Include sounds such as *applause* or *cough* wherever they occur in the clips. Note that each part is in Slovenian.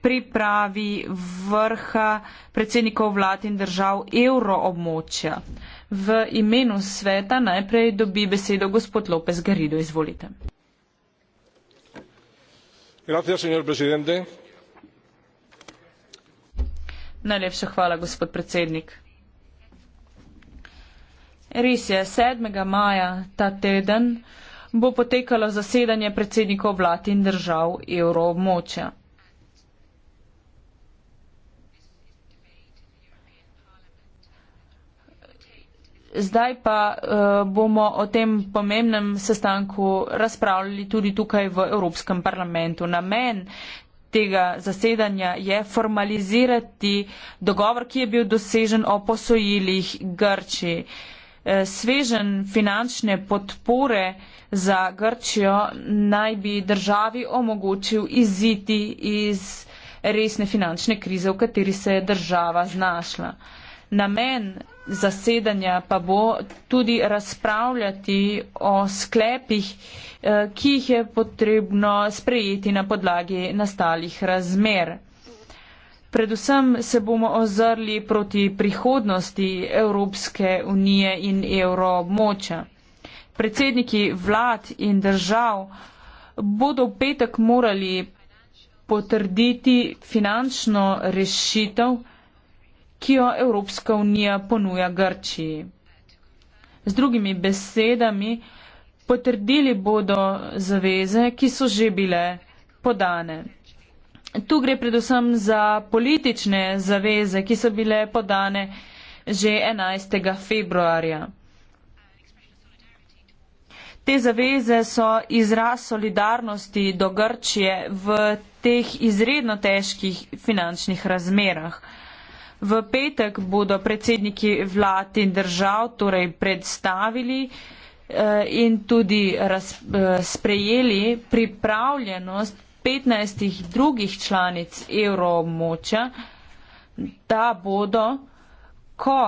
pripravi vrha predsednikov vlad in držav evroobmočja. V imenu sveta najprej dobi besedo gospod Lopez Garido. Izvolite. Gracias, Najlepša hvala, gospod predsednik. Res je, 7. maja ta teden bo potekalo zasedanje predsednikov vlad in držav evroobmočja. Zdaj pa uh, bomo o tem pomembnem sestanku razpravljali tudi tukaj v Evropskem parlamentu. Namen tega zasedanja je formalizirati dogovor, ki je bil dosežen o posojilih Grči. Eh, svežen finančne podpore za Grčijo naj bi državi omogočil iziti iz resne finančne krize, v kateri se je država znašla. Namen zasedanja pa bo tudi razpravljati o sklepih, eh, ki jih je potrebno sprejeti na podlagi nastalih razmer. Predvsem se bomo ozrli proti prihodnosti Evropske unije in evroobmoča. Predsedniki vlad in držav bodo v petek morali potrditi finančno rešitev, ki jo Evropska unija ponuja Grčiji. Z drugimi besedami, potrdili bodo zaveze, ki so že bile podane. Tu gre predvsem za politične zaveze, ki so bile podane že 11. februarja. Te zaveze so izraz solidarnosti do Grčije v teh izredno težkih finančnih razmerah. V petek bodo predsedniki vlad in držav torej predstavili eh, in tudi eh, sprejeli pripravljenost 15 drugih članic evromoča, da bodo, ko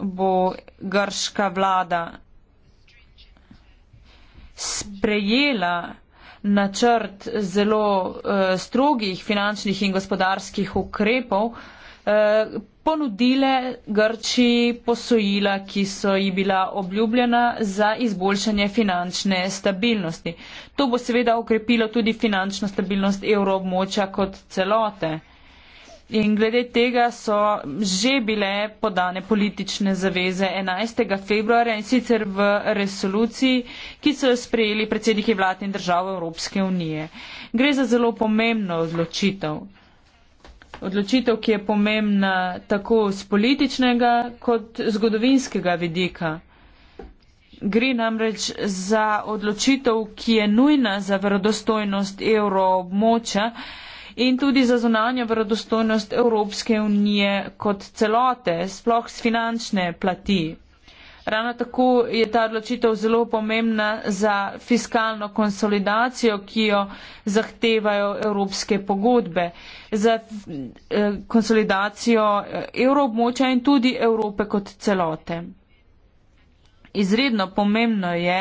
bo grška vlada sprejela načrt zelo eh, strogih finančnih in gospodarskih ukrepov, Eh, ponudile Grčiji posojila, ki so ji bila obljubljena za izboljšanje finančne stabilnosti. To bo seveda okrepilo tudi finančno stabilnost evroobmoča kot celote. In glede tega so že bile podane politične zaveze 11. februarja in sicer v resoluciji, ki so jo sprejeli predsedniki vlad in držav Evropske unije. Gre za zelo pomembno odločitev odločitev, ki je pomembna tako z političnega kot zgodovinskega vidika. Gre namreč za odločitev, ki je nujna za verodostojnost evroobmoča in tudi za zunanjo verodostojnost Evropske unije kot celote, sploh s finančne plati. Ravno tako je ta odločitev zelo pomembna za fiskalno konsolidacijo, ki jo zahtevajo evropske pogodbe, za eh, konsolidacijo eh, evroobmočja in tudi Evrope kot celote. Izredno pomembno je,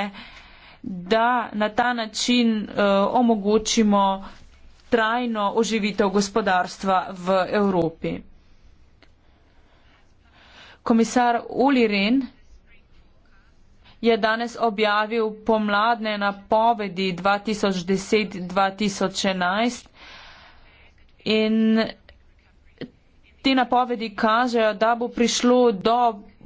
da na ta način uh, omogočimo trajno oživitev gospodarstva v Evropi. Komisar Oli Ren je danes objavil pomladne napovedi 2010-2011 in te napovedi kažejo, da bo prišlo do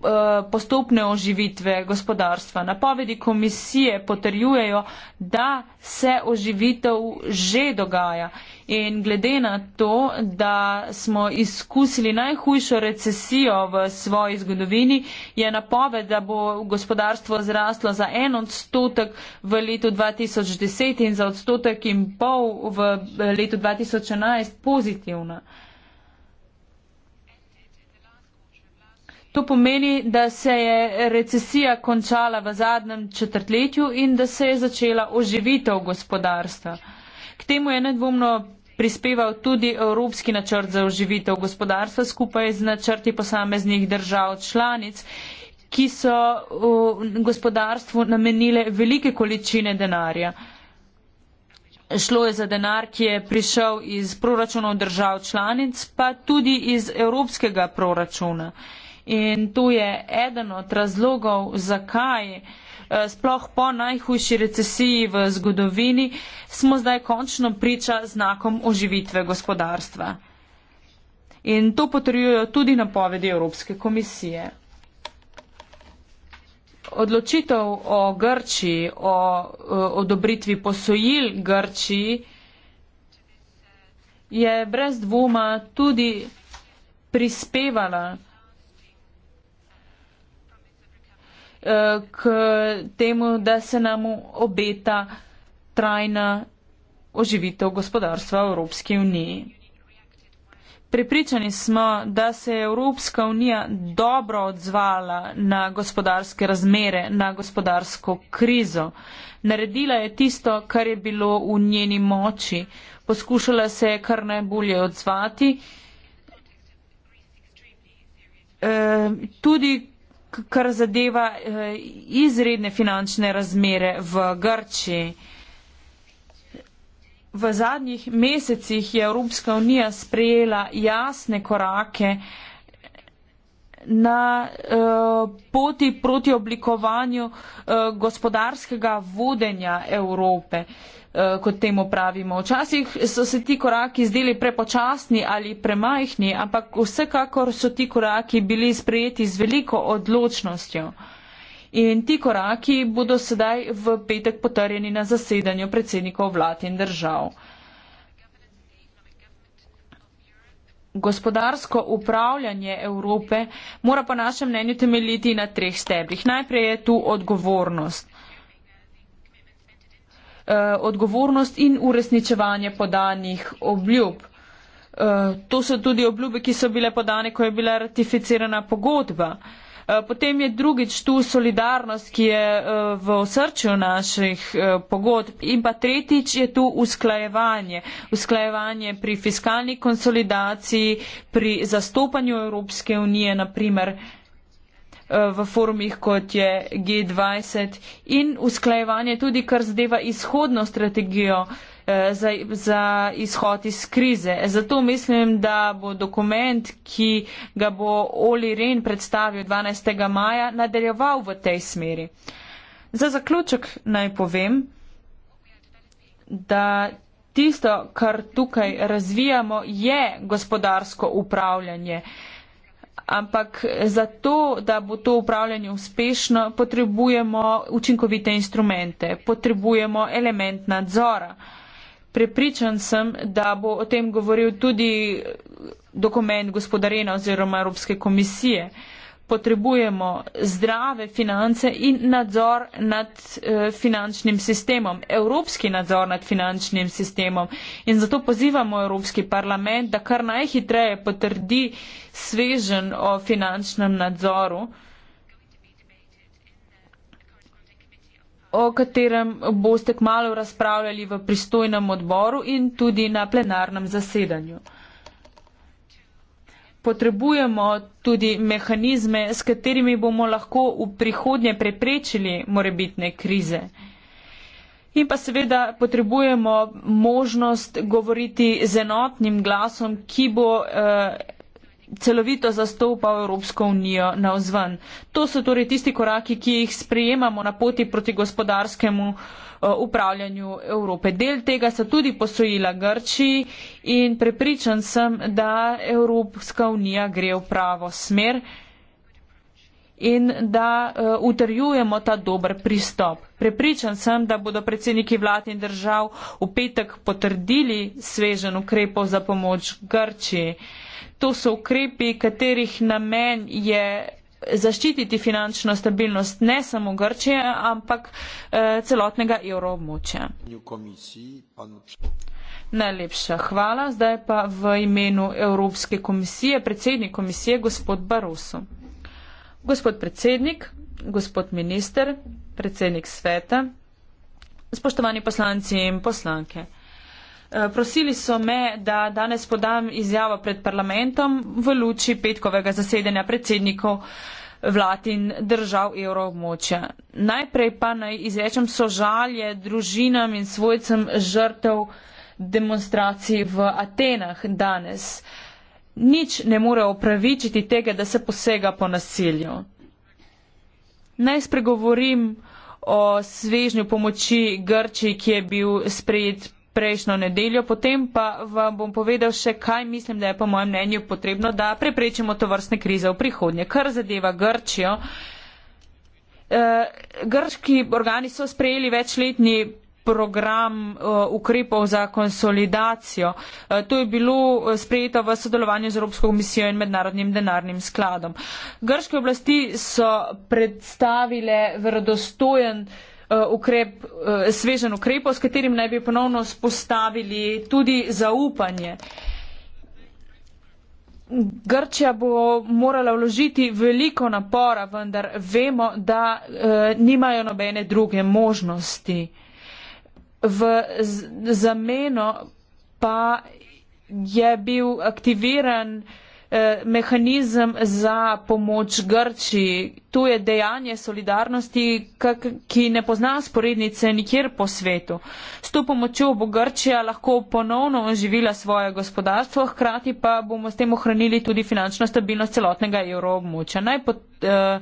Eh, postopne oživitve gospodarstva. Napovedi komisije potrjujejo, da se oživitev že dogaja. In glede na to, da smo izkusili najhujšo recesijo v svoji zgodovini, je napoved, da bo gospodarstvo zraslo za en odstotek v letu 2010 in za odstotek in pol v letu 2011 pozitivna. To pomeni, da se je recesija končala v zadnjem četrtletju in da se je začela oživitev gospodarstva. K temu je nedvomno prispeval tudi Evropski načrt za oživitev gospodarstva skupaj z načrti posameznih držav članic, ki so v gospodarstvu namenile velike količine denarja. Šlo je za denar, ki je prišel iz proračunov držav članic, pa tudi iz evropskega proračuna. In to je eden od razlogov, zakaj eh, sploh po najhujši recesiji v zgodovini smo zdaj končno priča znakom oživitve gospodarstva. In to potrjujejo tudi napovedi Evropske komisije. Odločitev o Grčiji, o eh, odobritvi posojil Grčiji je brez dvoma tudi prispevala k temu, da se nam obeta trajna oživitev gospodarstva v Evropski uniji. Pripričani smo, da se je Evropska unija dobro odzvala na gospodarske razmere, na gospodarsko krizo. Naredila je tisto, kar je bilo v njeni moči. Poskušala se je kar najbolje odzvati. E, tudi kar zadeva eh, izredne finančne razmere v Grčiji. V zadnjih mesecih je Evropska unija sprejela jasne korake na uh, poti proti oblikovanju uh, gospodarskega vodenja Evrope. Uh, Eh, kot temu pravimo. Včasih so se ti koraki zdeli prepočasni ali premajhni, ampak vsekakor so ti koraki bili sprejeti z veliko odločnostjo. In ti koraki bodo sedaj v petek potrjeni na zasedanju predsednikov vlad in držav. Gospodarsko upravljanje Evrope mora po našem mnenju temeljiti na treh stebrih. Najprej je tu odgovornost. Eh, odgovornost in uresničevanje podanih obljub. Eh, to so tudi obljube, ki so bile podane, ko je bila ratificirana pogodba. Eh, potem je drugič tu solidarnost, ki je v osrčju naših pogodb. In pa tretjič je tu usklajevanje. Usklajevanje pri fiskalni konsolidaciji, pri zastopanju Evropske unije, naprimer Eh, v forumih kot je G20 in usklajevanje tudi, kar zadeva izhodno strategijo eh, za, za izhod iz krize. Zato mislim, da bo dokument, ki ga bo Oli Ren predstavil 12. maja, nadaljeval v tej smeri. Za zaključek naj povem, da tisto, kar tukaj razvijamo, je gospodarsko upravljanje. Uh, ampak zato, da bo to upravljanje uspešno, potrebujemo učinkovite instrumente, potrebujemo element nadzora. Prepričan sem, da bo o tem govoril tudi dokument gospodarena oziroma Evropske komisije. Uh, potrebujemo zdrave finance in nadzor nad eh, finančnim sistemom, evropski nadzor nad finančnim sistemom. In zato pozivamo Evropski parlament, da kar najhitreje potrdi svežen o finančnem nadzoru, o katerem boste kmalo razpravljali v pristojnem odboru in tudi na plenarnem zasedanju potrebujemo tudi mehanizme, s katerimi bomo lahko v prihodnje preprečili morebitne krize. In pa seveda potrebujemo možnost govoriti z enotnim glasom, ki bo eh, celovito zastopa Evropsko unijo na vzven. To so torej tisti koraki, ki jih sprejemamo na poti proti gospodarskemu eh, upravljanju Evrope. Del tega so tudi posojila Grči in prepričan sem, da Evropska unija gre v pravo smer in da uh, utrjujemo ta dober pristop. Prepričan sem, da bodo predsedniki vlad in držav v petek potrdili svežen ukrepov za pomoč Grčiji. To so ukrepi, katerih namen je zaščititi finančno stabilnost ne samo Grčije, ampak eh, celotnega evroobmočja. Najlepša hvala. Zdaj pa v imenu Evropske komisije, predsednik komisije, gospod Barusu. Gospod predsednik, gospod minister, predsednik sveta, spoštovani poslanci in poslanke. Eh, prosili so me, da danes podam izjavo pred parlamentom v luči petkovega zasedanja predsednikov vlad in držav evroobmočja. Najprej pa naj izrečem sožalje družinam in svojcem žrtev demonstracij v Atenah danes. Uh, nič ne more opravičiti tega, da se posega po nasilju. Naj spregovorim o svežnju pomoči Grči, ki je bil sprejet prejšnjo nedeljo, potem pa vam bom povedal še, kaj mislim, da je po mojem mnenju potrebno, da preprečimo to vrstne krize v prihodnje. Kar zadeva Grčijo, e, grški organi so sprejeli večletni program eh, ukrepov za konsolidacijo. Eh, to je bilo eh, sprejeto v sodelovanju z Evropsko komisijo in mednarodnim denarnim skladom. Grške oblasti so predstavile verodostojen ukrep, svežen ukrep, s katerim naj bi ponovno spostavili tudi zaupanje. Grčija bo morala vložiti veliko napora, vendar vemo, da eh, nimajo nobene druge možnosti. Eh, v zameno pa je bil aktiviran eh, mehanizem za pomoč Grčiji. To je dejanje solidarnosti, kak, ki ne pozna sporednice nikjer po svetu. S to pomočjo bo Grčija lahko ponovno oživila svoje gospodarstvo, hkrati pa bomo s tem ohranili tudi finančno stabilnost celotnega evroobmočja. Naj pot, eh,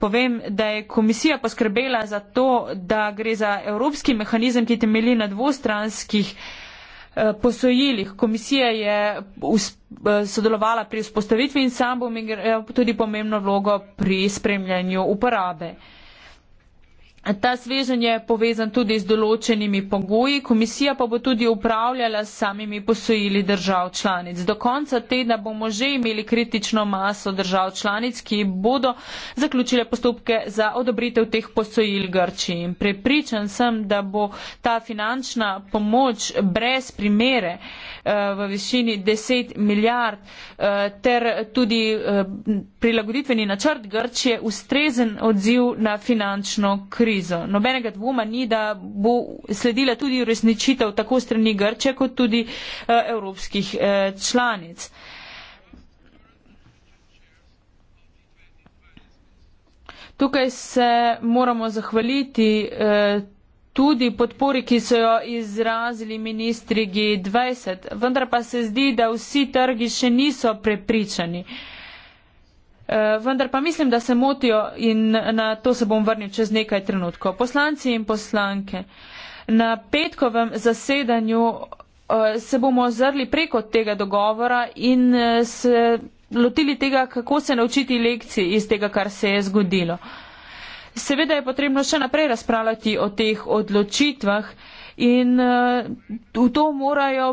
Povem, da je komisija poskrbela za to, da gre za evropski mehanizem, ki temeli na dvostranskih eh, posojilih. Komisija je eh, sodelovala pri vzpostavitvi in sam bom igral eh, tudi pomembno vlogo pri spremljanju uporabe. Ta sveženj je povezan tudi z določenimi pogoji, komisija pa bo tudi upravljala s samimi posojili držav članic. Do konca tedna bomo že imeli kritično maso držav članic, ki bodo zaključile postopke za odobritev teh posojil Grčiji. Prepričan sem, da bo ta finančna pomoč brez primere eh, v višini 10 milijard eh, ter tudi eh, prilagoditveni načrt Grčije ustrezen odziv na finančno krizo krizo. Nobenega dvoma ni, da bo sledila tudi uresničitev tako strani Grče, kot tudi e, evropskih e, članic. Tukaj se moramo zahvaliti eh, tudi podpori, ki so jo izrazili ministri G20, vendar pa se zdi, da vsi trgi še niso prepričani. Eh, vendar pa mislim, da se motijo in na to se bom vrnil čez nekaj trenutkov. Poslanci in poslanke, na petkovem zasedanju eh, se bomo ozrli preko tega dogovora in eh, se lotili tega, kako se naučiti lekcij iz tega, kar se je zgodilo. Seveda je potrebno še naprej razpravljati o teh odločitvah in v to morajo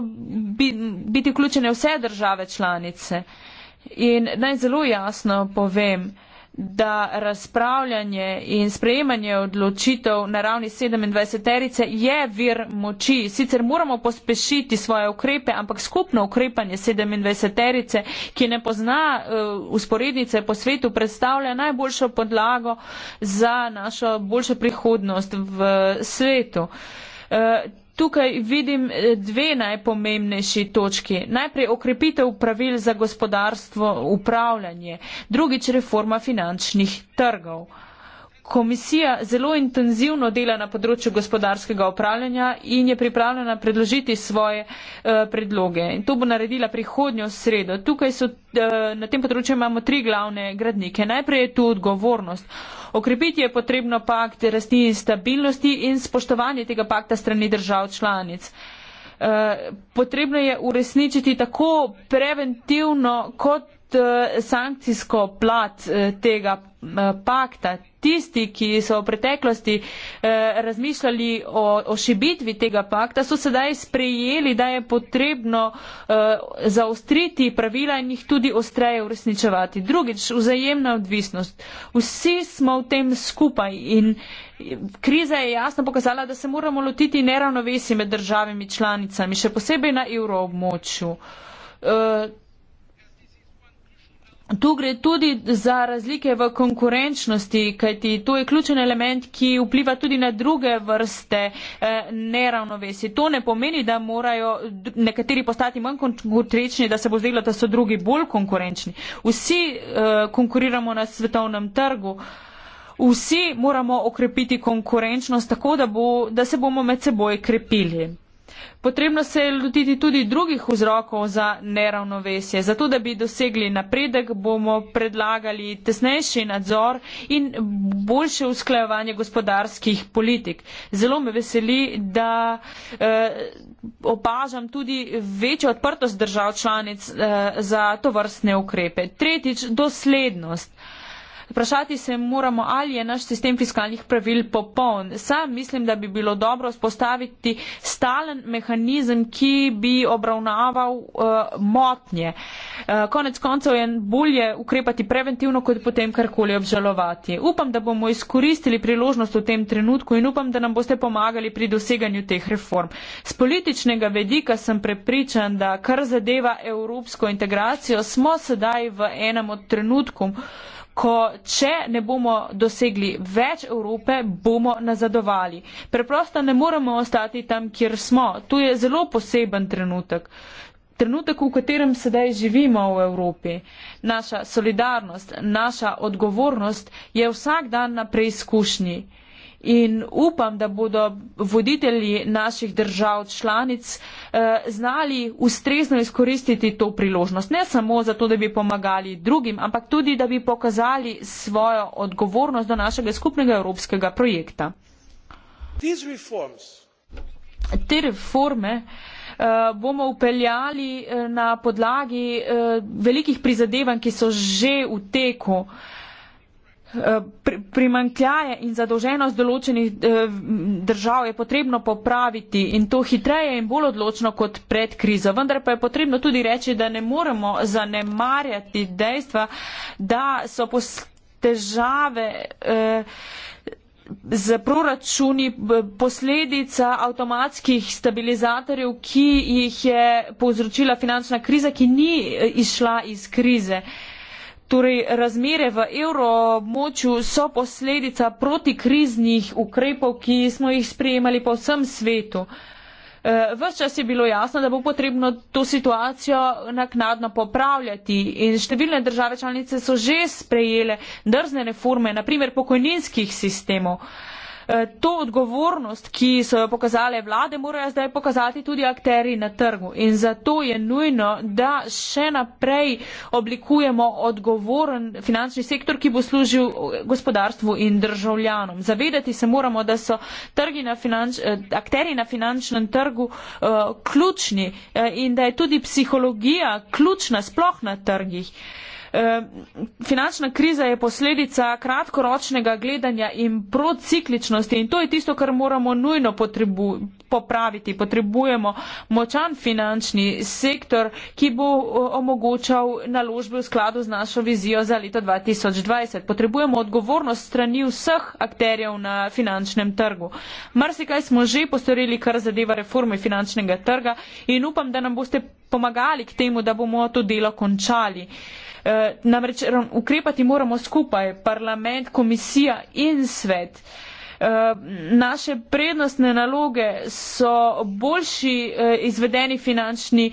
biti vključene vse države članice. In naj zelo jasno povem, da razpravljanje in sprejemanje odločitev na ravni 27-terice je vir moči. Sicer moramo pospešiti svoje ukrepe, ampak skupno ukrepanje 27-terice, ki ne pozna uh, eh, usporednice po svetu, predstavlja najboljšo podlago za našo boljšo prihodnost v svetu. Uh, Tukaj vidim eh, dve najpomembnejši točki. Najprej okrepitev pravil za gospodarstvo upravljanje, drugič reforma finančnih trgov. Komisija zelo intenzivno dela na področju gospodarskega upravljanja in je pripravljena predložiti svoje uh, predloge. In to bo naredila prihodnjo sredo. Tukaj so, uh, na tem področju imamo tri glavne gradnike. Najprej je tu odgovornost. Okrepiti je potrebno pakt rasti in stabilnosti in spoštovanje tega pakta strani držav članic. Uh, potrebno je uresničiti tako preventivno kot Eh, sankcijsko plat eh, tega eh, pakta. Tisti, ki so v preteklosti razmišljali o, o šibitvi tega pakta, so sedaj sprejeli, da je potrebno zaostriti pravila in jih tudi ostreje uresničevati. Drugič, vzajemna odvisnost. Vsi smo v tem skupaj in kriza je jasno pokazala, da se moramo lotiti neravnovesi med državami članicami, še posebej na evroobmočju. Uh, Tu gre tudi za razlike v konkurenčnosti, kajti to je ključen element, ki vpliva tudi na druge vrste eh, neravnovesi. To ne pomeni, da morajo nekateri postati manj konkurenčni, da se bo zdelo, da so drugi bolj konkurenčni. Vsi eh, konkuriramo na svetovnem trgu. Vsi moramo okrepiti konkurenčnost tako, da, bo, da se bomo med seboj krepili. Potrebno se je lotiti tudi drugih vzrokov za neravnovesje. Zato, da bi dosegli napredek, bomo predlagali tesnejši nadzor in boljše usklajevanje gospodarskih politik. Zelo me veseli, da eh, opažam tudi večjo odprtost držav članic eh, za to vrstne ukrepe. Tretjič, doslednost. Eh, Vprašati se moramo, ali je naš sistem fiskalnih pravil popoln. Sam mislim, da bi bilo dobro spostaviti stalen mehanizem, ki bi obravnaval uh, motnje. Uh, konec koncev je bolje ukrepati preventivno, kot potem karkoli obžalovati. Upam, da bomo izkoristili priložnost v tem trenutku in upam, da nam boste pomagali pri doseganju teh reform. Z političnega vedika sem prepričan, da kar zadeva evropsko integracijo, smo sedaj v enem od trenutkov, ko če ne bomo dosegli več Evrope, bomo nazadovali. Preprosto ne moremo ostati tam, kjer smo. Tu je zelo poseben trenutek. Trenutek, v katerem sedaj živimo v Evropi. Naša solidarnost, naša odgovornost je vsak dan na preizkušnji in upam, da bodo voditelji naših držav članic eh, znali ustrezno izkoristiti to priložnost. Ne samo zato, da bi pomagali drugim, ampak tudi, da bi pokazali svojo odgovornost do našega skupnega evropskega projekta. Te reforme eh, bomo upeljali eh, na podlagi velikih prizadevanj, ki so že v teku. Eh, primankljaje in zadolženost določenih eh, držav je potrebno popraviti in to hitreje in bolj odločno kot pred krizo. Vendar pa je potrebno tudi reči, da ne moremo zanemarjati dejstva, da so težave z eh, proračuni posledica avtomatskih stabilizatorjev, ki jih je povzročila finančna kriza, ki ni izšla iz krize. Torej, razmere v evromočju so posledica protikriznih ukrepov, ki smo jih sprejemali po vsem svetu. E, ves čas je bilo jasno, da bo potrebno to situacijo naknadno popravljati in številne države članice so že sprejele drzne reforme, naprimer pokojninskih sistemov. Eh, to odgovornost, ki so jo pokazale vlade, morajo zdaj pokazati tudi akteri na trgu. In zato je nujno, da še naprej oblikujemo odgovoren finančni sektor, ki bo služil eh, gospodarstvu in državljanom. Zavedati se moramo, da so na finanč, eh, akteri na finančnem trgu uh, ključni uh, in da je tudi psihologija ključna sploh na trgih. Uh, Eh, finančna kriza je posledica kratkoročnega gledanja in procikličnosti in to je tisto, kar moramo nujno potrebu, popraviti. Potrebujemo močan finančni sektor, ki bo omogočal naložbe v skladu z našo vizijo za leto 2020. Potrebujemo odgovornost strani vseh akterjev na finančnem trgu. Marsikaj smo že postorili, kar zadeva reforme finančnega trga in upam, da nam boste pomagali k temu, da bomo to delo končali. Eh, namreč ukrepati moramo skupaj, parlament, komisija in svet. Eh, naše prednostne naloge so boljši eh, izvedeni finančni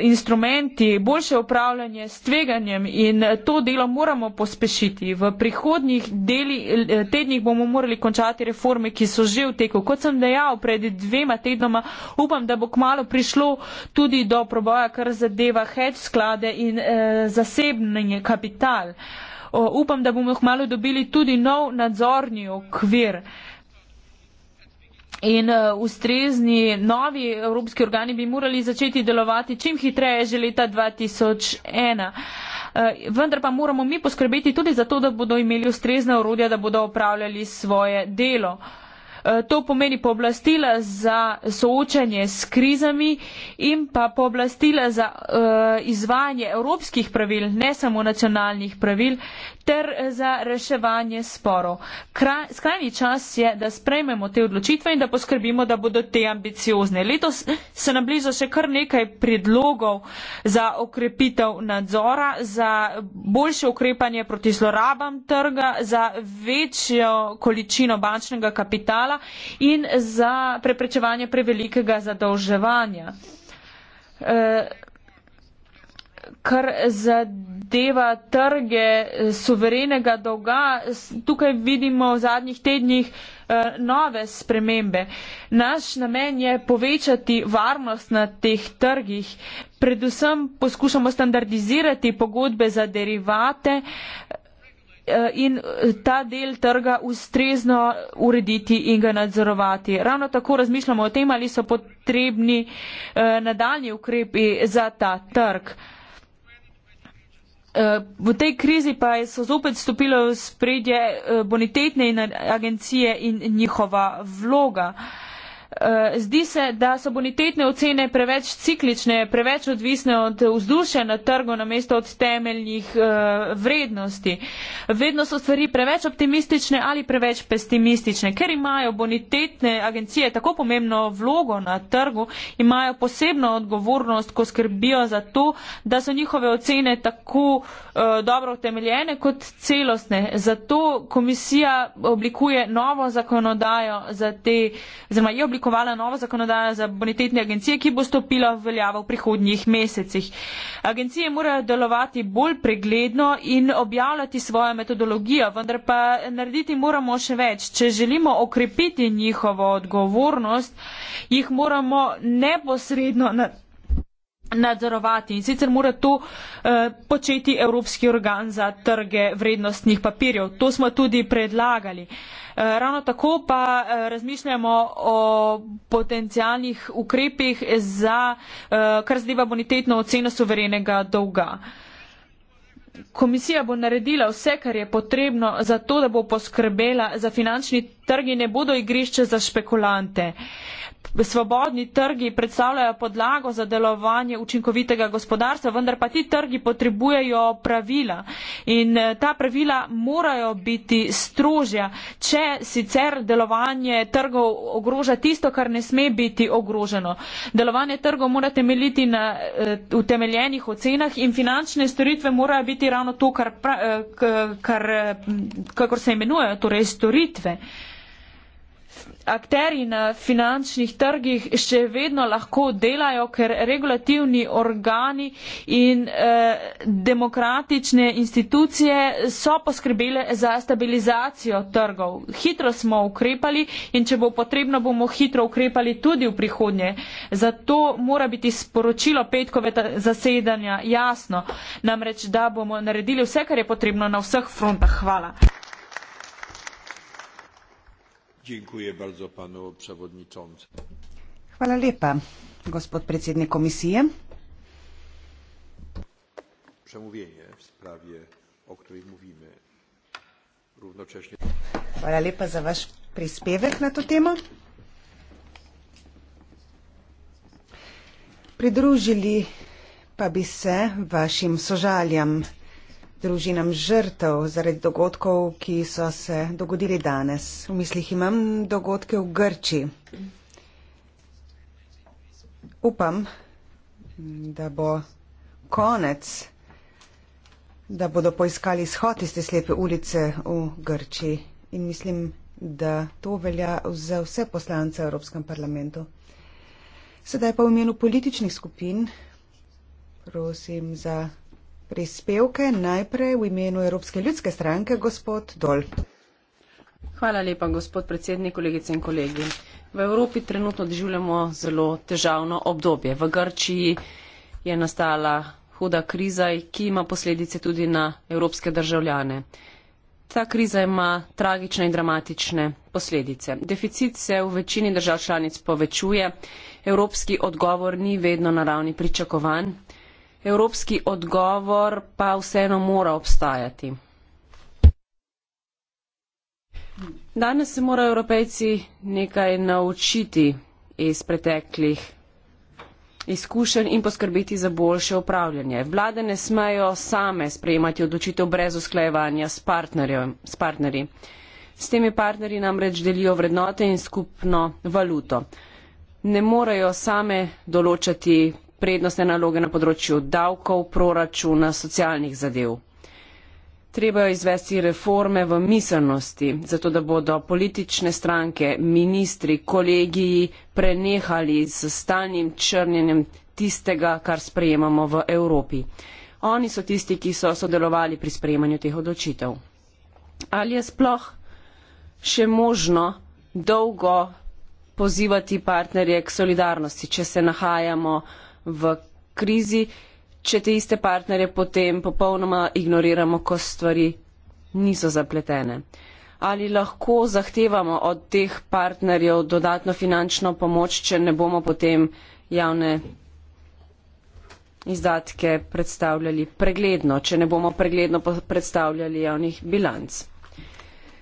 instrumenti, boljše upravljanje s tveganjem in to delo moramo pospešiti. V prihodnjih deli, eh, tednih bomo morali končati reforme, ki so že v teku. Kot sem dejal pred dvema tednoma, upam, da bo kmalo prišlo tudi do proboja, kar zadeva hedge sklade in eh, zasebni kapital. O, upam, da bomo kmalo dobili tudi nov nadzorni okvir. In uh, ustrezni novi evropski organi bi morali začeti delovati čim hitreje že leta 2001. Eh, vendar pa moramo mi poskrbeti tudi za to, da bodo imeli ustrezna urodja, da bodo opravljali svoje delo. Uh, Eh, to pomeni pooblastila za soočanje s krizami in pa pooblastila za eh, izvajanje evropskih pravil, ne samo nacionalnih pravil, ter eh, za reševanje sporov. Skrajni čas je, da sprejmemo te odločitve in da poskrbimo, da bodo te ambiciozne. Letos se nam bliža še kar nekaj predlogov za okrepitev nadzora, za boljše ukrepanje proti zlorabam trga, za večjo količino bančnega kapitala in za preprečevanje prevelikega zadolževanja. Eh, kar zadeva trge suverenega dolga, tukaj vidimo v zadnjih tednih eh, nove spremembe. Naš namen je povečati varnost na teh trgih. Predvsem poskušamo standardizirati pogodbe za derivate, Eh, in eh, ta del trga ustrezno urediti in ga nadzorovati. Ravno tako razmišljamo o tem, ali so potrebni eh, nadaljni ukrepi za ta trg. V tej krizi pa so zopet stopile v spredje bonitetne agencije in njihova vloga. Eh, zdi se, da so bonitetne ocene preveč ciklične, preveč odvisne od vzdušja na trgu, namesto od temeljnih eh, vrednosti. Vedno so stvari preveč optimistične ali preveč pesimistične. Ker imajo bonitetne agencije tako pomembno vlogo na trgu, imajo posebno odgovornost, ko skrbijo za to, da so njihove ocene tako eh, dobro utemeljene kot celostne. Zato komisija oblikuje novo zakonodajo za te, zelo je oblikovala oblikovala nova zakonodaja za bonitetne agencije, ki bo stopila v veljavo v prihodnjih mesecih. Agencije morajo delovati bolj pregledno in objavljati svojo metodologijo, vendar pa narediti moramo še več. Če želimo okrepiti njihovo odgovornost, jih moramo neposredno. Na nadzorovati in sicer mora to eh, početi Evropski organ za trge vrednostnih papirjev. To smo tudi predlagali. Eh, ravno tako pa eh, razmišljamo o potencijalnih ukrepih za eh, kar zadeva bonitetno oceno suverenega dolga. Komisija bo naredila vse, kar je potrebno za to, da bo poskrbela za finančni trgi, ne bodo igrišče za špekulante svobodni trgi predstavljajo podlago za delovanje učinkovitega gospodarstva, vendar pa ti trgi potrebujejo pravila in eh, ta pravila morajo biti strožja, če sicer delovanje trgov ogroža tisto, kar ne sme biti ogroženo. Delovanje trgov mora temeljiti na eh, utemeljenih ocenah in finančne storitve morajo biti ravno to, kar, eh, kar, kar, kakor se imenujejo, torej storitve akteri na finančnih trgih še vedno lahko delajo, ker regulativni organi in eh, demokratične institucije so poskrbele za stabilizacijo trgov. Hitro smo ukrepali in če bo potrebno, bomo hitro ukrepali tudi v prihodnje. Zato mora biti sporočilo petkove zasedanja jasno, namreč da bomo naredili vse, kar je potrebno na vseh frontah. Hvala. Dziękuję bardzo panu przewodniczącemu. Hvala lepa, gospod predsednik komisije. Przemówienie w sprawie, o której mówimy równocześnie. Hvala lepa za vaš prispevek na to temo. Pridružili pa bi se vašim sožaljam družinam žrtev zaradi dogodkov, ki so se dogodili danes. V mislih imam dogodke v Grči. Upam, da bo konec, da bodo poiskali izhod iz te slepe ulice v Grči. In mislim, da to velja za vse poslance v Evropskem parlamentu. Sedaj pa v imenu političnih skupin prosim za prispevke. Najprej v imenu Evropske ljudske stranke gospod Dol. Hvala lepa, gospod predsednik, kolegice in kolegi. V Evropi trenutno doživljamo zelo težavno obdobje. V Grčiji je nastala huda kriza, ki ima posledice tudi na evropske državljane. Ta kriza ima tragične in dramatične posledice. Deficit se v večini držav članic povečuje, evropski odgovor ni vedno na ravni pričakovanj evropski odgovor pa vseeno mora obstajati. Danes se morajo evropejci nekaj naučiti iz preteklih izkušenj in poskrbeti za boljše upravljanje. Vlade ne smejo same sprejemati odločitev brez usklajevanja s, s partnerji. S temi partnerji namreč delijo vrednote in skupno valuto. Ne morejo same določati prednostne naloge na področju davkov, proračuna, socialnih zadev. Treba je izvesti reforme v miselnosti, zato da bodo politične stranke, ministri, kolegiji prenehali s stalnim črnjenjem tistega, kar sprejemamo v Evropi. Oni so tisti, ki so sodelovali pri sprejemanju teh odločitev. Ali je sploh še možno dolgo pozivati partnerje k solidarnosti, če se nahajamo v krizi, če te iste partnerje potem popolnoma ignoriramo, ko stvari niso zapletene. Ali lahko zahtevamo od teh partnerjev dodatno finančno pomoč, če ne bomo potem javne izdatke predstavljali pregledno, če ne bomo pregledno predstavljali javnih bilanc.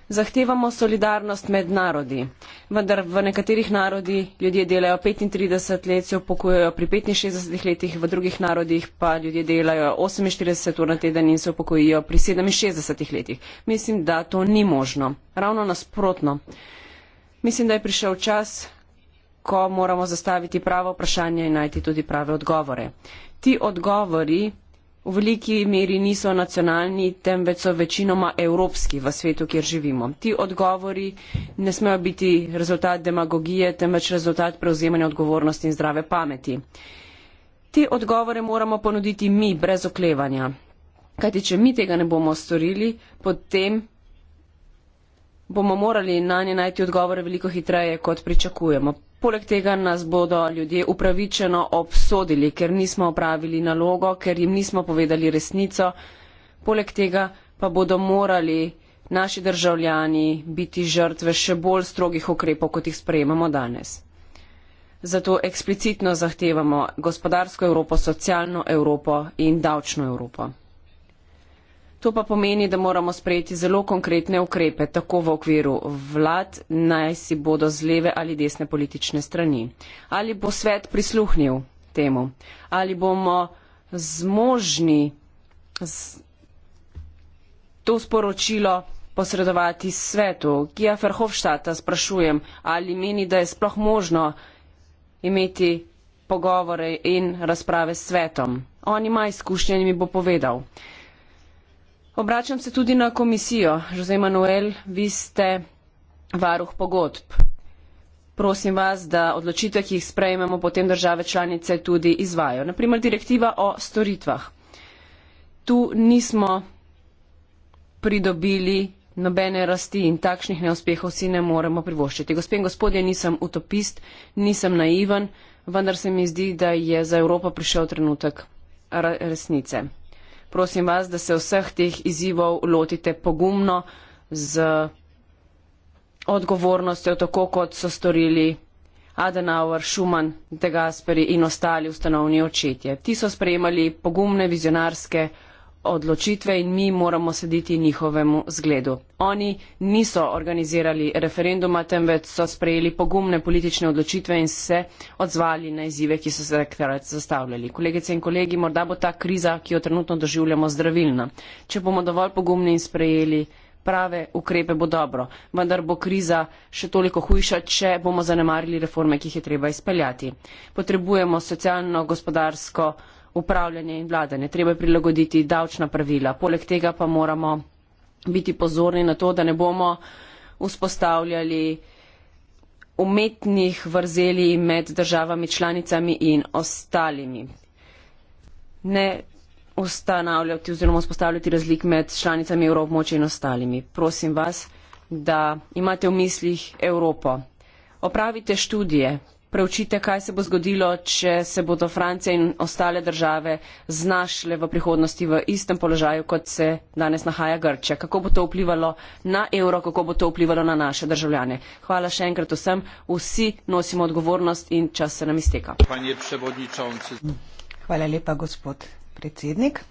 Zahtevamo solidarnost med narodi, vendar v nekaterih narodi ljudje delajo 35 let, se upokojujejo pri 65 letih, v drugih narodih pa ljudje delajo 48 ur na teden in se upokojujejo pri 67 letih. Mislim, da to ni možno. Ravno nasprotno. Mislim, da je prišel čas, ko moramo zastaviti pravo vprašanje in najti tudi prave odgovore. Ti odgovori v veliki meri niso nacionalni, temveč so večinoma evropski v svetu, kjer živimo. Ti odgovori ne smejo biti rezultat demagogije, temveč rezultat prevzemanja odgovornosti in zdrave pameti. Te odgovore moramo ponuditi mi, brez oklevanja. Kajti, če mi tega ne bomo storili, potem bomo morali na nje najti odgovore veliko hitreje, kot pričakujemo. Poleg tega nas bodo ljudje upravičeno obsodili, ker nismo opravili nalogo, ker jim nismo povedali resnico. Poleg tega pa bodo morali naši državljani biti žrtve še bolj strogih ukrepov, kot jih sprejemamo danes. Zato eksplicitno zahtevamo gospodarsko Evropo, socialno Evropo in davčno Evropo. To pa pomeni, da moramo sprejeti zelo konkretne ukrepe, tako v okviru vlad, naj si bodo z leve ali desne politične strani. Ali bo svet prisluhnil temu? Ali bomo zmožni z... to sporočilo posredovati svetu? Kija Ferhofštata sprašujem, ali meni, da je sploh možno imeti pogovore in razprave s svetom. On ima izkušnje in mi bo povedal. Obračam se tudi na komisijo. Jose Manuel, vi ste varuh pogodb. Prosim vas, da odločitve, ki jih sprejmemo, potem države članice tudi izvajo. Naprimer, direktiva o storitvah. Tu nismo pridobili nobene rasti in takšnih neuspehov si ne moremo privoščiti. Gospod in gospodje, nisem utopist, nisem naivan, vendar se mi zdi, da je za Evropo prišel trenutek resnice prosim vas, da se vseh teh izzivov lotite pogumno z odgovornostjo, tako kot so storili Adenauer, Schumann, De Gasperi in ostali ustanovni očetje. Ti so sprejemali pogumne vizionarske odgovornosti odločitve in mi moramo slediti njihovemu zgledu. Oni niso organizirali referenduma, temveč so sprejeli pogumne politične odločitve in se odzvali na izzive, ki so se takrat zastavljali. Kolegice in kolegi, morda bo ta kriza, ki jo trenutno doživljamo, zdravilna. Če bomo dovolj pogumni in sprejeli prave ukrepe, bo dobro. Vendar bo kriza še toliko hujša, če bomo zanemarili reforme, ki jih je treba izpeljati. Potrebujemo socialno, gospodarsko, upravljanje in vladanje. Treba je prilagoditi davčna pravila. Poleg tega pa moramo biti pozorni na to, da ne bomo vzpostavljali umetnih vrzeli med državami članicami in ostalimi. Ne ustanavljati oziroma vzpostavljati razlik med članicami Evropmoče in ostalimi. Prosim vas, da imate v mislih Evropo. Opravite študije, preučite, kaj se bo zgodilo, če se bodo Francija in ostale države znašle v prihodnosti v istem položaju, kot se danes nahaja Grčija. Kako bo to vplivalo na evro, kako bo to vplivalo na naše državljane. Hvala še enkrat vsem. Vsi nosimo odgovornost in čas se nam izteka. Hvala lepa, gospod predsednik.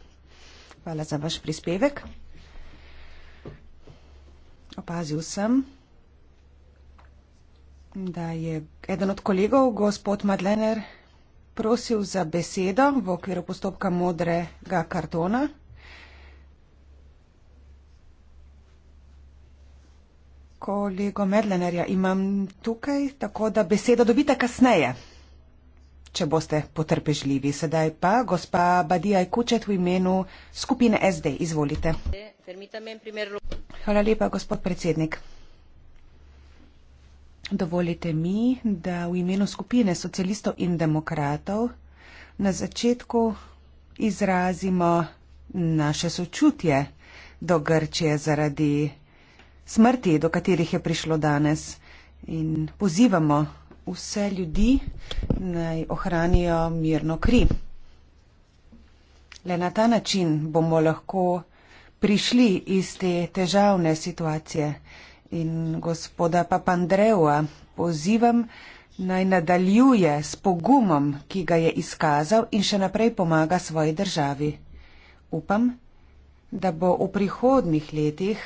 Hvala za vaš prispevek. Opazil sem, da je eden od kolegov, gospod Madlener, prosil za besedo v okviru postopka modrega kartona. Kolego Medlenerja imam tukaj, tako da besedo dobite kasneje, če boste potrpežljivi. Sedaj pa gospa Badija Kučet v imenu skupine SD. Izvolite. Hvala lepa, gospod predsednik dovolite mi, da v imenu skupine socialistov in demokratov na začetku izrazimo naše sočutje do Grčije zaradi smrti, do katerih je prišlo danes. In pozivamo vse ljudi, naj ohranijo mirno kri. Le na ta način bomo lahko prišli iz te težavne situacije in gospoda Papandreua pozivam naj nadaljuje s pogumom, ki ga je izkazal in še naprej pomaga svoji državi. Upam, da bo v prihodnih letih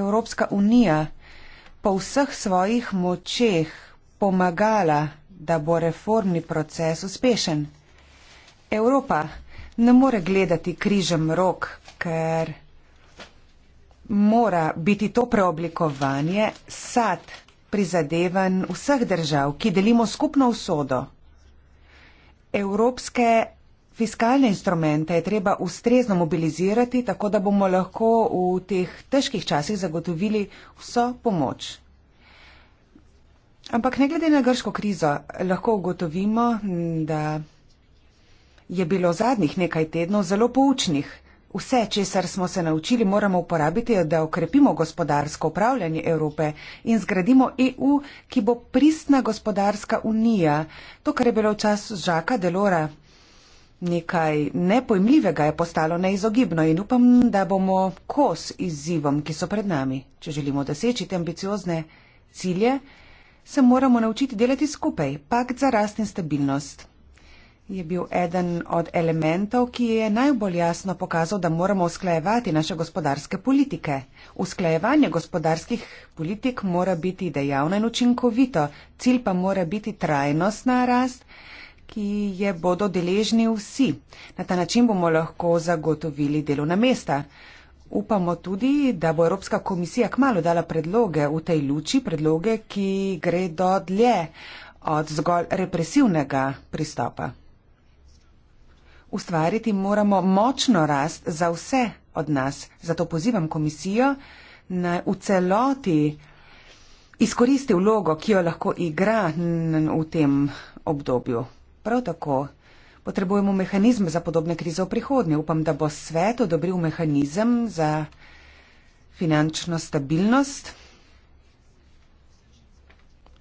Evropska unija po vseh svojih močeh pomagala, da bo reformni proces uspešen. Evropa ne more gledati križem rok, ker mora biti to preoblikovanje sad prizadevan vseh držav, ki delimo skupno usodo. Evropske fiskalne instrumente je treba ustrezno mobilizirati, tako da bomo lahko v teh težkih časih zagotovili vso pomoč. Ampak ne glede na grško krizo, lahko ugotovimo, da je bilo zadnjih nekaj tednov zelo poučnih. Vse, česar smo se naučili, moramo uporabiti, da okrepimo gospodarsko upravljanje Evrope in zgradimo EU, ki bo pristna gospodarska unija. To, kar je bilo v času Žaka Delora nekaj nepojmljivega, je postalo neizogibno in upam, da bomo kos izzivom, ki so pred nami. Če želimo doseči te ambiciozne cilje, se moramo naučiti delati skupaj. Pakt za rast in stabilnost je bil eden od elementov, ki je najbolj jasno pokazal, da moramo usklajevati naše gospodarske politike. Usklajevanje gospodarskih politik mora biti dejavno in učinkovito, cilj pa mora biti trajnostna rast, ki je bodo deležni vsi. Na ta način bomo lahko zagotovili delovna mesta. Upamo tudi, da bo Evropska komisija kmalo dala predloge v tej luči, predloge, ki gredo dlje od zgolj represivnega pristopa. Ustvariti moramo močno rast za vse od nas. Zato pozivam komisijo, naj v celoti izkoristi vlogo, ki jo lahko igra v tem obdobju. Prav tako potrebujemo mehanizm za podobne krize v prihodnje. Upam, da bo svet odobril mehanizem za finančno stabilnost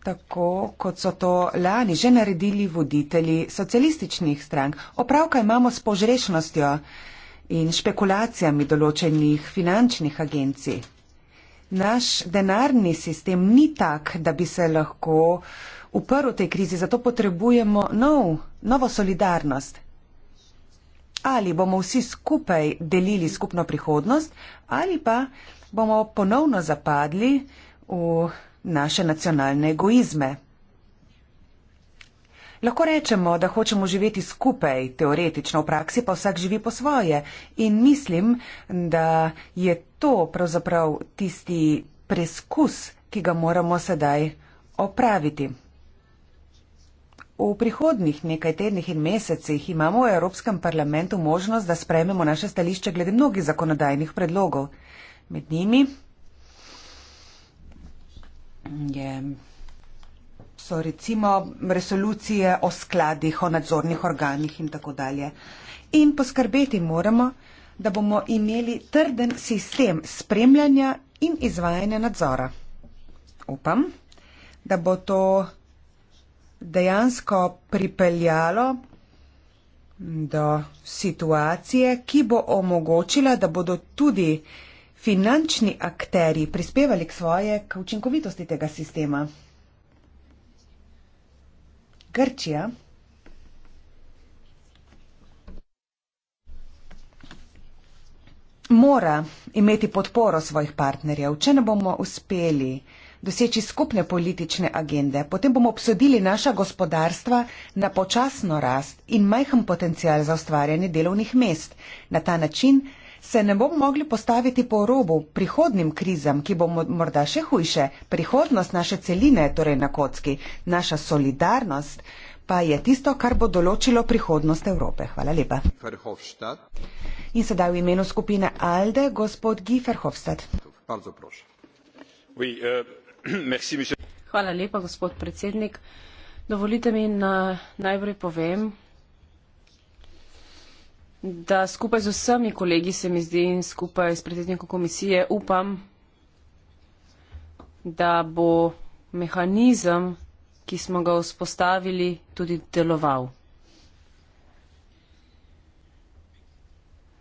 tako, kot so to lani že naredili voditelji socialističnih strank. Opravka imamo s požrešnostjo in špekulacijami določenih finančnih agencij. Naš denarni sistem ni tak, da bi se lahko uprl tej krizi, zato potrebujemo nov, novo solidarnost. Ali bomo vsi skupaj delili skupno prihodnost, ali pa bomo ponovno zapadli v naše nacionalne egoizme. Lahko rečemo, da hočemo živeti skupaj, teoretično, v praksi pa vsak živi po svoje in mislim, da je to pravzaprav tisti preskus, ki ga moramo sedaj opraviti. V prihodnih nekaj tednih in mesecih imamo v Evropskem parlamentu možnost, da sprememo naše stališče glede mnogih zakonodajnih predlogov. Med njimi je, so recimo resolucije o skladih, o nadzornih organih in tako dalje. In poskrbeti moramo, da bomo imeli trden sistem spremljanja in izvajanja nadzora. Upam, da bo to dejansko pripeljalo do situacije, ki bo omogočila, da bodo tudi finančni akteri prispevali k svoje, k učinkovitosti tega sistema? Grčija. Mora imeti podporo svojih partnerjev. Če ne bomo uspeli doseči skupne politične agende, potem bomo obsodili naša gospodarstva na počasno rast in majhen potencial za ustvarjanje delovnih mest. Na ta način se ne bomo mogli postaviti po robu prihodnim krizam, ki bomo morda še hujše, prihodnost naše celine je torej na kocki, naša solidarnost pa je tisto, kar bo določilo prihodnost Evrope. Hvala lepa. In sedaj v imenu skupine Alde, gospod Gieferhofstad. Euh, *clears throat* Hvala lepa, gospod predsednik. Dovolite mi, da na najprej povem, da skupaj z vsemi kolegi se mi zdi in skupaj s predsednikom komisije upam, da bo mehanizem, ki smo ga vzpostavili, tudi deloval.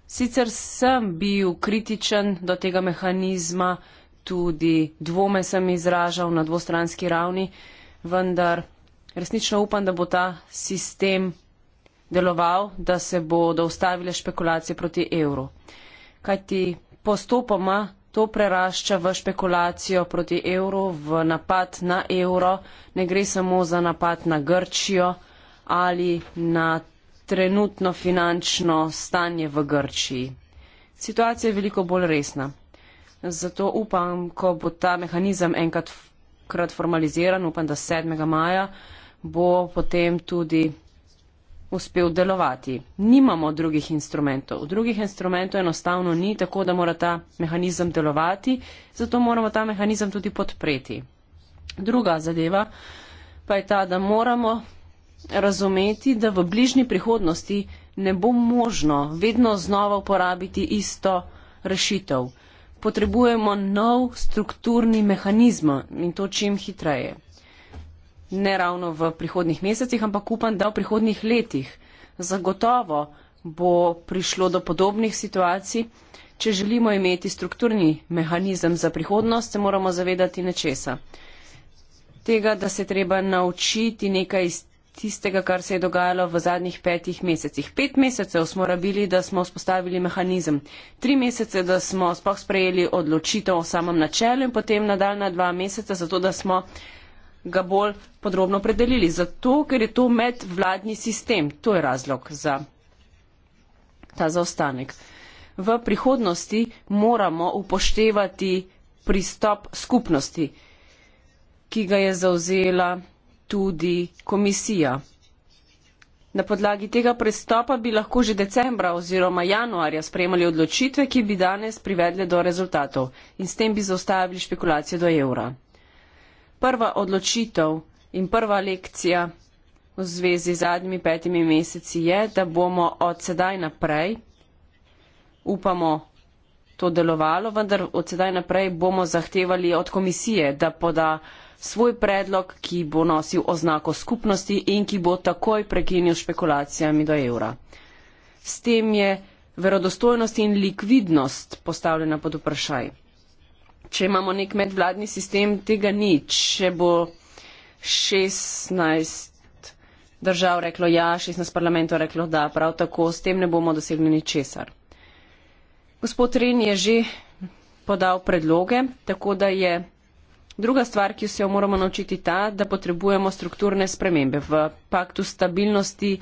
Sicer sem bil kritičen do tega mehanizma, tudi dvome sem izražal na dvostranski ravni, vendar resnično upam, da bo ta sistem deloval, da se bodo ustavile špekulacije proti evru. Kajti postopoma to prerašča v špekulacijo proti evru, v napad na evro, ne gre samo za napad na Grčijo ali na trenutno finančno stanje v Grčiji. Situacija je veliko bolj resna. Zato upam, ko bo ta mehanizem enkrat formaliziran, upam, da 7. maja, bo potem tudi uspel delovati. Nimamo drugih instrumentov. Drugih instrumentov enostavno ni, tako da mora ta mehanizem delovati, zato moramo ta mehanizem tudi podpreti. Druga zadeva pa je ta, da moramo razumeti, da v bližnji prihodnosti ne bo možno vedno znova uporabiti isto rešitev. Potrebujemo nov strukturni mehanizem in to čim hitreje ne ravno v prihodnih mesecih, ampak upam, da v prihodnih letih zagotovo bo prišlo do podobnih situacij. Če želimo imeti strukturni mehanizem za prihodnost, se moramo zavedati nečesa. Tega, da se treba naučiti nekaj iz tistega, kar se je dogajalo v zadnjih petih mesecih. Pet mesecev smo rabili, da smo vzpostavili mehanizem. Tri mesece, da smo spoh sprejeli odločitev o samem načelu in potem nadaljna dva meseca, zato da smo ga bolj podrobno predelili. Zato, ker je to medvladni sistem. To je razlog za ta zaostanek. V prihodnosti moramo upoštevati pristop skupnosti, ki ga je zauzela tudi komisija. Na podlagi tega prestopa bi lahko že decembra oziroma januarja sprejemali odločitve, ki bi danes privedle do rezultatov in s tem bi zaustavili špekulacije do evra prva odločitev in prva lekcija v zvezi z zadnjimi petimi meseci je, da bomo od sedaj naprej, upamo, to delovalo, vendar od sedaj naprej bomo zahtevali od komisije, da poda svoj predlog, ki bo nosil oznako skupnosti in ki bo takoj prekinil špekulacijami do evra. S tem je verodostojnost in likvidnost postavljena pod vprašaj če imamo nek medvladni sistem, tega ni. Če bo 16 držav reklo ja, 16 parlamentov reklo da, prav tako s tem ne bomo dosegli ničesar. Gospod Ren je že podal predloge, tako da je druga stvar, ki se jo moramo naučiti, ta, da potrebujemo strukturne spremembe. V paktu stabilnosti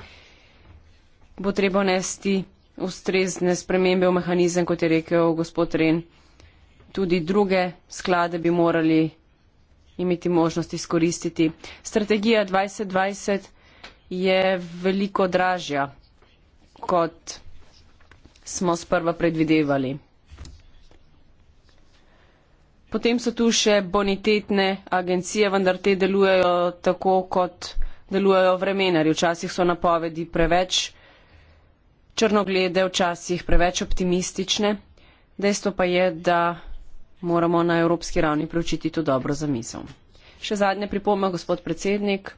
bo treba nesti ustrezne spremembe v mehanizem, kot je rekel gospod Ren tudi druge sklade bi morali imeti možnost izkoristiti. Strategija 2020 je veliko dražja, kot smo sprva predvidevali. Potem so tu še bonitetne agencije, vendar te delujejo tako, kot delujejo vremenari. Včasih so napovedi preveč črnoglede, včasih preveč optimistične. Dejstvo pa je, da moramo na evropski ravni preučiti to dobro zamisel. Še zadnja pripomba, gospod predsednik.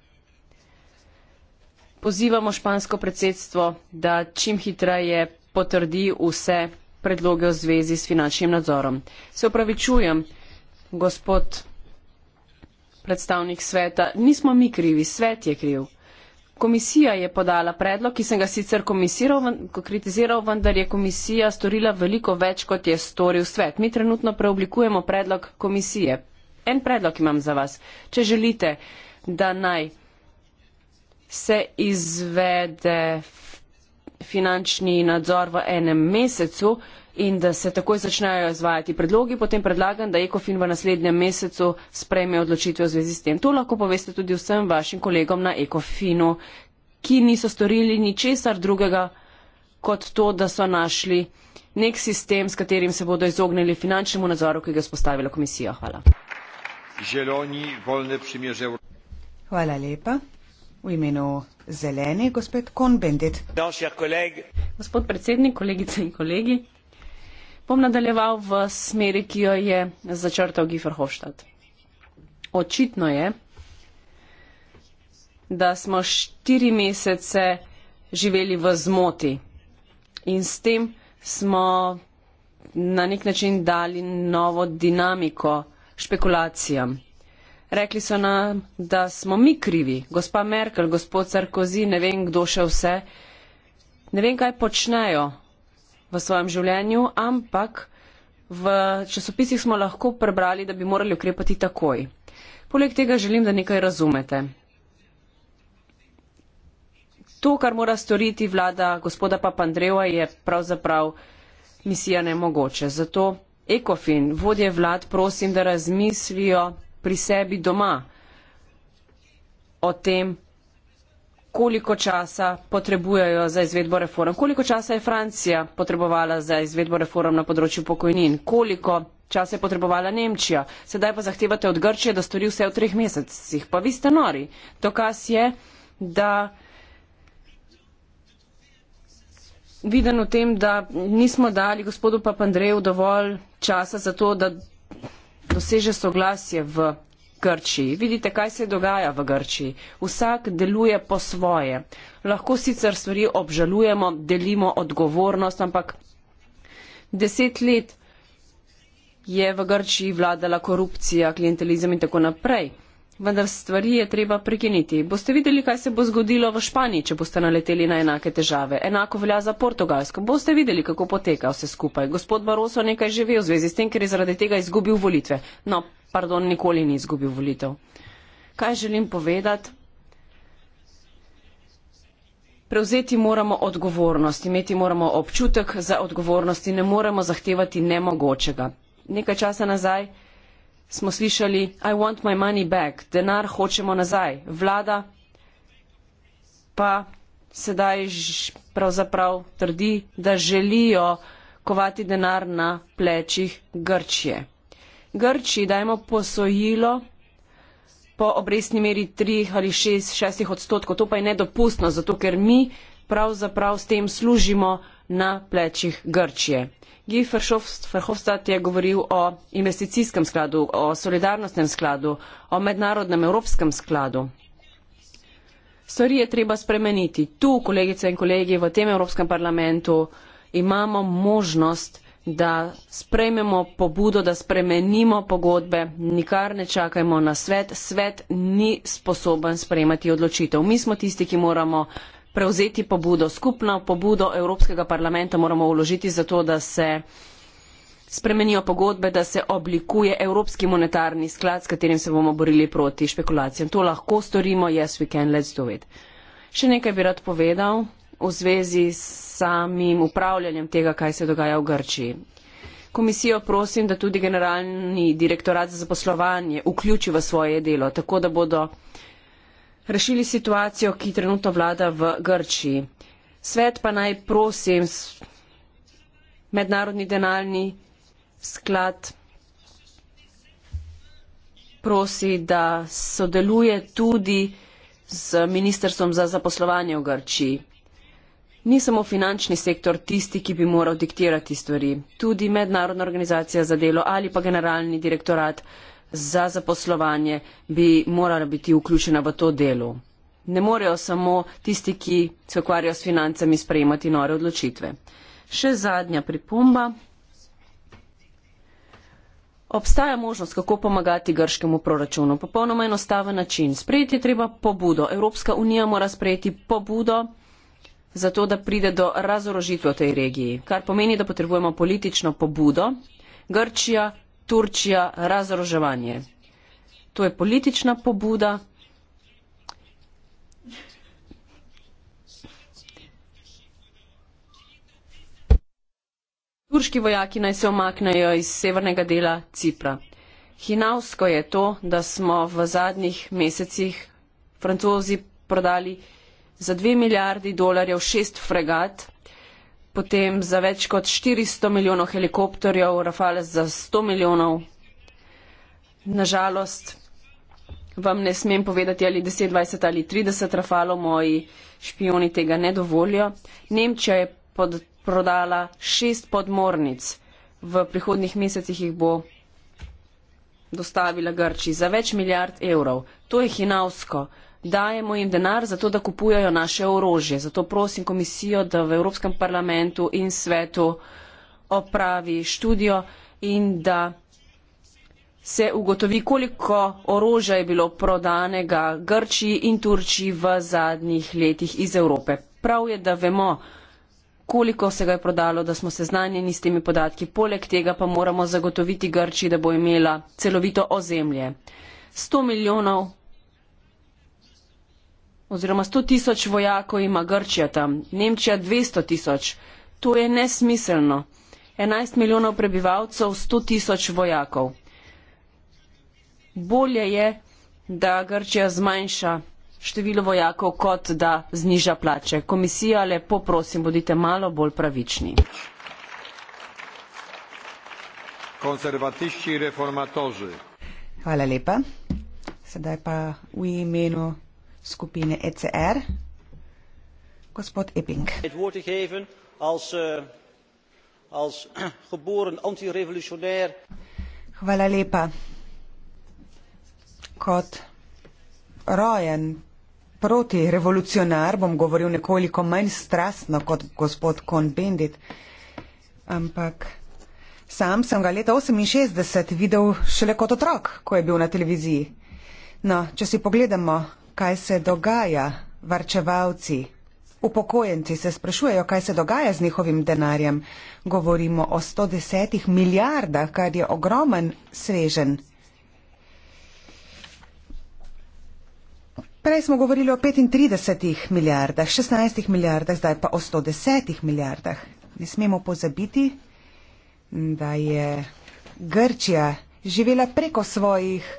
Pozivamo špansko predsedstvo, da čim hitreje potrdi vse predloge v zvezi s finančnim nadzorom. Se upravičujem, gospod predstavnik sveta, nismo mi krivi, svet je kriv. Komisija je podala predlog, ki sem ga sicer kritiziral, vendar je komisija storila veliko več, kot je storil svet. Mi trenutno preoblikujemo predlog komisije. En predlog imam za vas. Če želite, da naj se izvede finančni nadzor v enem mesecu, in da se takoj začnejo izvajati predlogi, potem predlagam, da Ekofin v naslednjem mesecu sprejme odločitve v zvezi s tem. To lahko poveste tudi vsem vašim kolegom na Ekofinu, ki niso storili ničesar drugega kot to, da so našli nek sistem, s katerim se bodo izognili finančnemu nadzoru, ki ga je spostavila komisija. Hvala. Želoni, volne, Hvala lepa. V imenu zeleni gospod Kon Bendit. Gospod predsednik, kolegice in kolegi bom nadaljeval v smeri, ki jo je začrtal Giferhofstadt. Očitno je, da smo štiri mesece živeli v zmoti in s tem smo na nek način dali novo dinamiko špekulacijam. Rekli so nam, da smo mi krivi, gospa Merkel, gospod Sarkozy, ne vem kdo še vse, ne vem, kaj počnejo, v svojem življenju, ampak v časopisih smo lahko prebrali, da bi morali ukrepati takoj. Poleg tega želim, da nekaj razumete. To, kar mora storiti vlada gospoda Papandreva, je pravzaprav misija nemogoče. Zato Ekofin, vodje vlad, prosim, da razmislijo pri sebi doma o tem, koliko časa potrebujejo za izvedbo reform, koliko časa je Francija potrebovala za izvedbo reform na področju pokojnin, koliko časa je potrebovala Nemčija. Sedaj pa zahtevate od Grčije, da stori vse v treh mesecih. Pa vi ste nori. Dokaz je, da viden v tem, da nismo dali gospodu Papandreju dovolj časa za to, da doseže soglasje v Grčiji. Vidite, kaj se dogaja v Grčiji. Vsak deluje po svoje. Lahko sicer stvari obžalujemo, delimo odgovornost, ampak deset let je v Grčiji vladala korupcija, klientelizem in tako naprej. Vendar stvari je treba prekiniti. Boste videli, kaj se bo zgodilo v Španiji, če boste naleteli na enake težave. Enako velja za Portugalsko. Boste videli, kako poteka vse skupaj. Gospod Baroso nekaj že ve v zvezi s tem, ker je zaradi tega izgubil volitve. No, pardon, nikoli ni izgubil volitev. Kaj želim povedati? Prevzeti moramo odgovornost, imeti moramo občutek za odgovornost in ne moremo zahtevati nemogočega. Nekaj časa nazaj smo slišali I want my money back, denar hočemo nazaj, vlada pa sedaj pravzaprav trdi, da želijo kovati denar na plečih Grčije. Grčiji dajemo posojilo po obrestni meri 3 ali 6, 6 odstotkov. To pa je nedopustno, zato ker mi pravzaprav s tem služimo na plečih Grčije. Guy Verhofstadt je govoril o investicijskem skladu, o solidarnostnem skladu, o mednarodnem evropskem skladu. Stvari je treba spremeniti. Tu, kolegice in kolegi, v tem Evropskem parlamentu imamo možnost da sprejmemo pobudo, da spremenimo pogodbe, nikar ne čakajmo na svet. Svet ni sposoben sprejemati odločitev. Mi smo tisti, ki moramo prevzeti pobudo. Skupno pobudo Evropskega parlamenta moramo uložiti zato, da se spremenijo pogodbe, da se oblikuje Evropski monetarni sklad, s katerim se bomo borili proti špekulacijam. To lahko storimo, yes we can, let's do it. Še nekaj bi rad povedal v zvezi s samim upravljanjem tega, kaj se dogaja v Grčiji. Komisijo prosim, da tudi generalni direktorat za zaposlovanje vključi v svoje delo, tako da bodo rešili situacijo, ki trenutno vlada v Grčiji. Svet pa naj prosim mednarodni denarni sklad prosi, da sodeluje tudi z ministrstvom za zaposlovanje v Grčiji ni samo finančni sektor tisti, ki bi moral diktirati stvari. Tudi mednarodna organizacija za delo ali pa generalni direktorat za zaposlovanje bi morala biti vključena v to delo. Ne morejo samo tisti, ki se ukvarjajo s financami, sprejemati nore odločitve. Še zadnja pripomba. Obstaja možnost, kako pomagati grškemu proračunu. Popolnoma enostaven način. Sprejeti je treba pobudo. Evropska unija mora sprejeti pobudo zato da pride do razorožitve v tej regiji, kar pomeni, da potrebujemo politično pobudo Grčija, Turčija, razoroževanje. To je politična pobuda. Turški vojaki naj se omaknejo iz severnega dela Cipra. Hinavsko je to, da smo v zadnjih mesecih francozi prodali za dve milijardi dolarjev šest fregat, potem za več kot 400 milijonov helikopterjev, Rafale za 100 milijonov. Nažalost, vam ne smem povedati, ali 10, 20 ali 30 Rafalo, moji špioni tega ne dovolijo. Nemčija je pod, prodala šest podmornic, v prihodnih mesecih jih bo dostavila Grči za več milijard evrov. To je hinavsko dajemo jim denar za to, da kupujajo naše orožje. Zato prosim komisijo, da v Evropskem parlamentu in svetu opravi študijo in da se ugotovi, koliko orožja je bilo prodanega Grčiji in Turčiji v zadnjih letih iz Evrope. Prav je, da vemo, koliko se ga je prodalo, da smo seznanjeni s temi podatki. Poleg tega pa moramo zagotoviti Grčiji, da bo imela celovito ozemlje. 100 milijonov oziroma 100 tisoč vojakov ima Grčija tam, Nemčija 200 tisoč. To je nesmiselno. 11 milijonov prebivalcev, 100 tisoč vojakov. Bolje je, da Grčija zmanjša število vojakov, kot da zniža plače. Komisija, lepo prosim, bodite malo bolj pravični. Konservatiščni reformatorji. Hvala lepa. Sedaj pa v imenu skupine ECR. Gospod Epping. Het woord te geven als, uh, als *clears throat* geboren antirevolutionair. Hvala lepa. Kot rojen protirevolucionar bom govoril nekoliko manj strastno kot gospod Kohn-Bendit, ampak sam sem ga leta 1968 videl šele kot otrok, ko je bil na televiziji. No, če si pogledamo kaj se dogaja, varčevalci. Upokojenci se sprašujejo, kaj se dogaja z njihovim denarjem. Govorimo o 110 milijardah, kar je ogromen svežen. Prej smo govorili o 35 milijardah, 16 milijardah, zdaj pa o 110 milijardah. Ne smemo pozabiti, da je Grčija živela preko svojih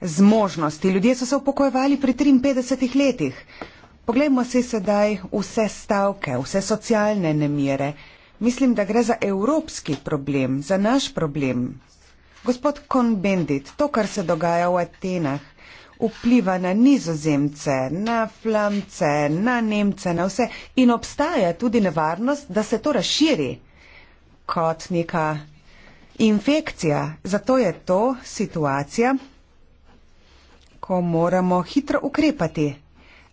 zmožnosti. Ljudje so se upokojevali pri 53 letih. Poglejmo si sedaj vse stavke, vse socialne nemire. Mislim, da gre za evropski problem, za naš problem. Gospod Konbendit, to, kar se dogaja v Atenah, vpliva na nizozemce, na flamce, na nemce, na vse in obstaja tudi nevarnost, da se to razširi kot neka infekcija. Zato je to situacija, ko moramo hitro ukrepati.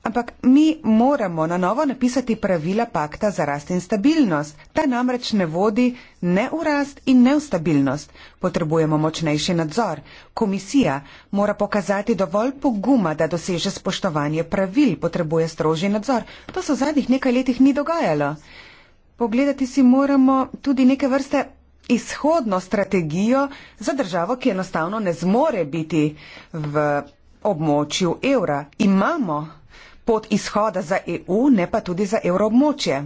Ampak mi moramo na novo napisati pravila pakta za rast in stabilnost. Ta namreč ne vodi ne v rast in ne v stabilnost. Potrebujemo močnejši nadzor. Komisija mora pokazati dovolj poguma, da doseže spoštovanje pravil, potrebuje strožji nadzor. To se v zadnjih nekaj letih ni dogajalo. Pogledati si moramo tudi neke vrste izhodno strategijo za državo, ki enostavno ne zmore biti v območju evra. Imamo pot izhoda za EU, ne pa tudi za evroobmočje.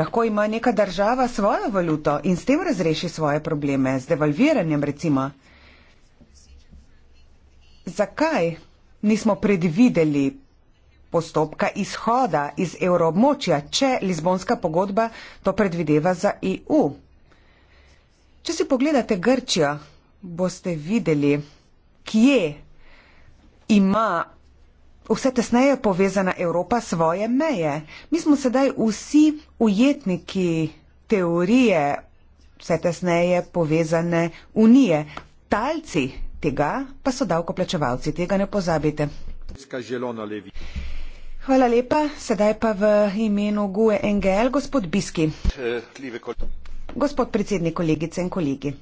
Lahko ima neka država svojo valuto in s tem razreši svoje probleme, z devalviranjem recimo. Zakaj nismo predvideli postopka izhoda iz evroobmočja, če Lizbonska pogodba to predvideva za EU? Če si pogledate Grčijo, boste videli, kje ima vse tesneje povezana Evropa svoje meje. Mi smo sedaj vsi ujetniki teorije vse tesneje povezane unije. Talci tega pa so davkoplačevalci, tega ne pozabite. Hvala lepa, sedaj pa v imenu GUE NGL gospod Biski. Gospod predsednik, kolegice in kolegi.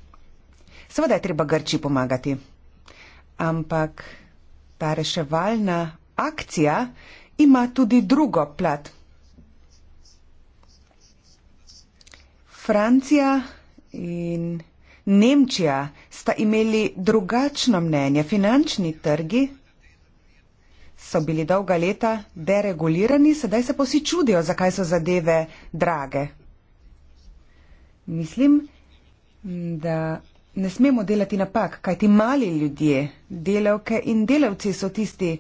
Seveda je treba Grči pomagati ampak ta reševalna akcija ima tudi drugo plat. Francija in Nemčija sta imeli drugačno mnenje. Finančni trgi so bili dolga leta deregulirani, sedaj se posi čudijo, zakaj so zadeve drage. Mislim, da ne smemo delati napak, kajti mali ljudje, delavke in delavci so tisti,